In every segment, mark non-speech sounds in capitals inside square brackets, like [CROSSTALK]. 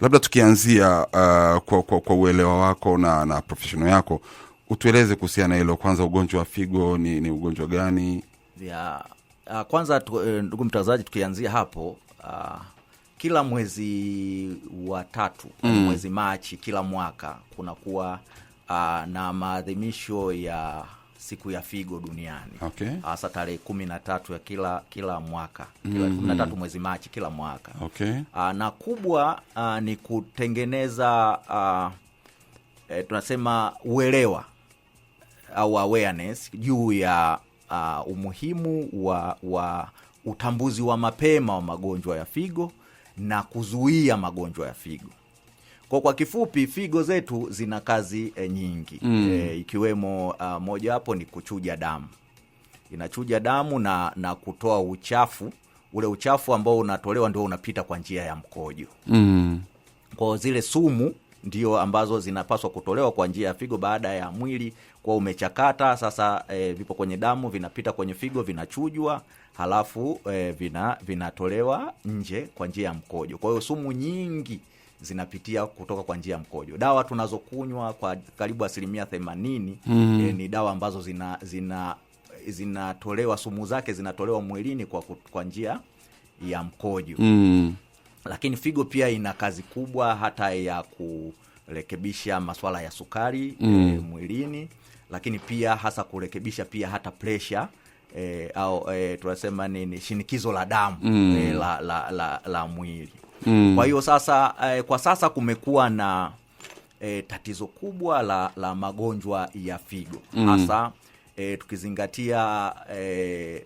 labda tukianzia uh, kwa, kwa, kwa uelewa wako na, na profeshono yako utueleze kuhusiana hilo kwanza ugonjwa wa figo ni, ni ugonjwa gani yeah. uh, kwanza tu, uh, ndugu mtangazaji tukianzia hapo uh, kila mwezi wa tatu mm. mwezi machi kila mwaka kunakuwa uh, na maadhimisho ya siku ya figo duniani hasa okay. tarehe kumi na tatu ya kila kila mwaka mm -hmm. kumi na tatu mwezi Machi kila mwaka okay. Ah, na kubwa a, ah, ni kutengeneza a, ah, e, eh, tunasema uelewa au awareness juu ya a, umuhimu wa, wa utambuzi wa mapema wa magonjwa ya figo na kuzuia magonjwa ya figo kwa kwa kifupi, figo zetu zina kazi e, nyingi mm. e, ikiwemo ah, moja wapo ni kuchuja damu, inachuja damu na, na kutoa uchafu. Ule uchafu ambao unatolewa ndio unapita kwa njia ya mkojo mm. kwa zile sumu ndio ambazo zinapaswa kutolewa kwa njia ya figo baada ya mwili kwa umechakata sasa, e, vipo kwenye damu vinapita kwenye figo vinachujwa, halafu e, vina vinatolewa nje kwa njia ya mkojo. Kwa hiyo sumu nyingi zinapitia kutoka kwa njia ya mkojo. Dawa tunazokunywa kwa karibu asilimia themanini mm. e, ni dawa ambazo zina zina zinatolewa sumu zake zinatolewa mwilini kwa, kwa njia ya mkojo mm. Lakini figo pia ina kazi kubwa hata ya kurekebisha maswala ya sukari eh, mm. e, mwilini, lakini pia hasa kurekebisha pia hata presha e, eh, au e, tunasema nini shinikizo la damu mm. e, la, la, la, la, la mwili mm. Kwa hiyo sasa eh, kwa sasa kumekuwa na eh, tatizo kubwa la, la magonjwa ya figo mm. hasa eh, tukizingatia eh,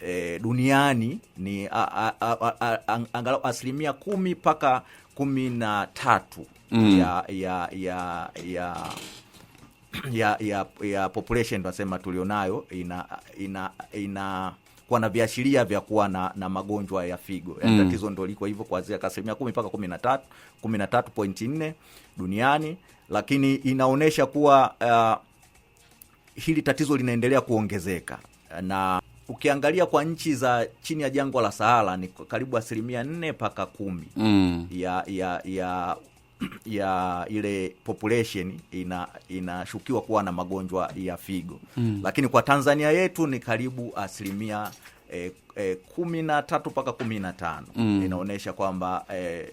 eh, duniani ni angalau asilimia kumi mpaka kumi na tatu mm. ya, ya, ya, ya ya ya ya population tunasema tulionayo ina ina ina kuwa na viashiria vya kuwa na, na magonjwa ya figo mm. Tatizo ndo liko hivyo kuanzia asilimia kumi mpaka kumi na tatu kumi na tatu point nne duniani, lakini inaonyesha kuwa uh, hili tatizo linaendelea kuongezeka na ukiangalia kwa nchi za chini ya jangwa la Sahara ni karibu asilimia nne mpaka kumi mm. ya, ya, ya ya ile population ina inashukiwa kuwa na magonjwa ya figo mm. Lakini kwa Tanzania yetu ni karibu asilimia eh, eh, kumi na tatu mpaka kumi na tano mm. Inaonyesha kwamba eh,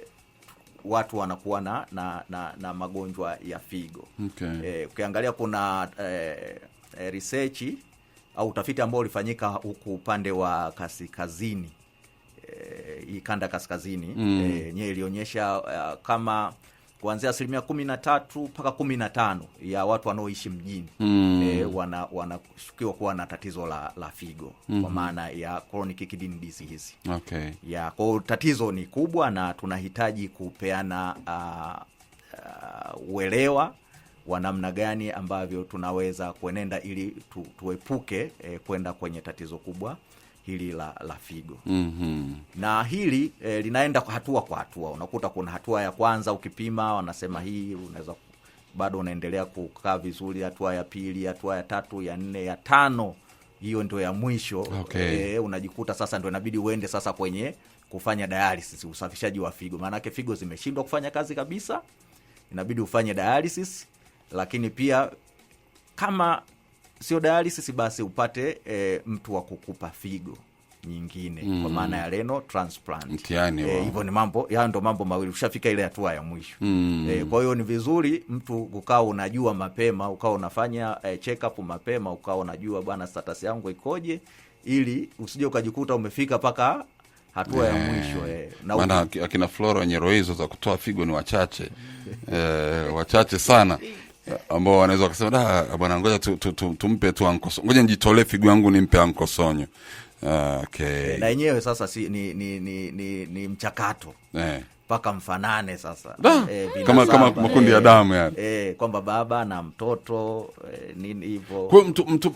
watu wanakuwa na, na, na, na magonjwa ya figo okay. Eh, ukiangalia kuna eh, research au utafiti ambao ulifanyika huku upande wa kaskazini eh, hii kanda kaskazini mm. yenyewe ilionyesha uh, kama kuanzia asilimia kumi na tatu mpaka kumi na tano ya watu wanaoishi mjini mm. e, wanashukiwa wana kuwa na tatizo la, la figo mm -hmm. kwa mm-hmm. maana ya chronic kidney disease okay. ya kwao tatizo ni kubwa na tunahitaji kupeana uh, uh, uelewa wa namna gani ambavyo tunaweza kuenenda ili tu, tuepuke eh, kwenda kwenye tatizo kubwa hili la, la figo mm -hmm. na hili e, linaenda kwa hatua kwa hatua. Unakuta kuna hatua ya kwanza ukipima, wanasema hii unaweza bado unaendelea kukaa vizuri, hatua ya pili, hatua ya tatu, ya nne, ya tano, hiyo ndio ya mwisho okay. E, unajikuta sasa ndo inabidi uende sasa kwenye kufanya dialysis, usafishaji wa figo, maanake figo zimeshindwa kufanya kazi kabisa, inabidi ufanye dialysis, lakini pia kama sio dialysis basi upate e, mtu wa kukupa figo nyingine mm. kwa maana ya reno transplant eh, hivyo e, ni mambo hayo ndo mambo mawili ushafika ile hatua ya mwisho mm. e, kwa hiyo ni vizuri mtu ukawa unajua mapema ukawa unafanya e, check up mapema ukawa unajua bwana status yangu ikoje ili usije ukajikuta umefika mpaka hatua yeah. ya mwisho eh. maana akina flora wenye roho hizo za kutoa figo ni wachache [LAUGHS] eh, wachache sana [LAUGHS] ambao wanaweza wakasema da bwana, ngoja tu, tu, tu, tumpe tu ankoso, ngoja nijitolee figu yangu nimpe ankosonyo. Ah, okay. Na yenyewe sasa si, ni, ni, ni, ni, ni mchakato eh mpaka mfanane sasa e, kama, kama makundi ya eh, damu yani e, kwamba baba na mtoto e, nini hivo mtu,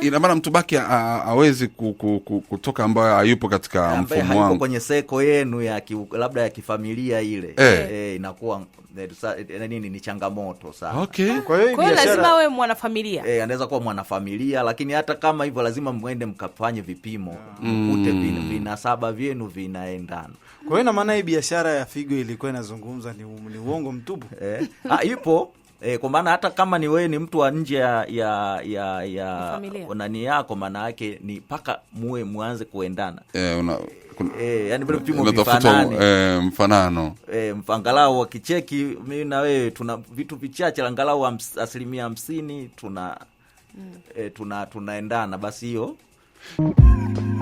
ina maana mtu baki awezi kutoka ambayo hayupo katika mfumo wangu kwenye seko yenu ya ki, labda ya kifamilia ile e. E, inakuwa nini ni changamoto sana okay. Kwa hiyo lazima awe mwanafamilia e, anaweza kuwa mwanafamilia, lakini hata kama hivyo lazima mwende mkafanye vipimo mm. mkute mm. vinasaba vyenu vinaendana. Kwa hiyo ina maana hii biashara ya figo Mzigo ilikuwa inazungumza ni, ni uongo mtupu [LAUGHS] eh. Ah, ipo eh, kwa maana hata kama ni wewe ni mtu wa nje ya ya ya, ya nani yako, maana yake ni mpaka muwe mwanze kuendana eh, una... E, yani vile vipimo vifanane e, mfanano e, angalau wakicheki mimi na wewe tuna vitu vichache angalau asilimia hamsini tuna mm. e, tuna tunaendana basi hiyo mm.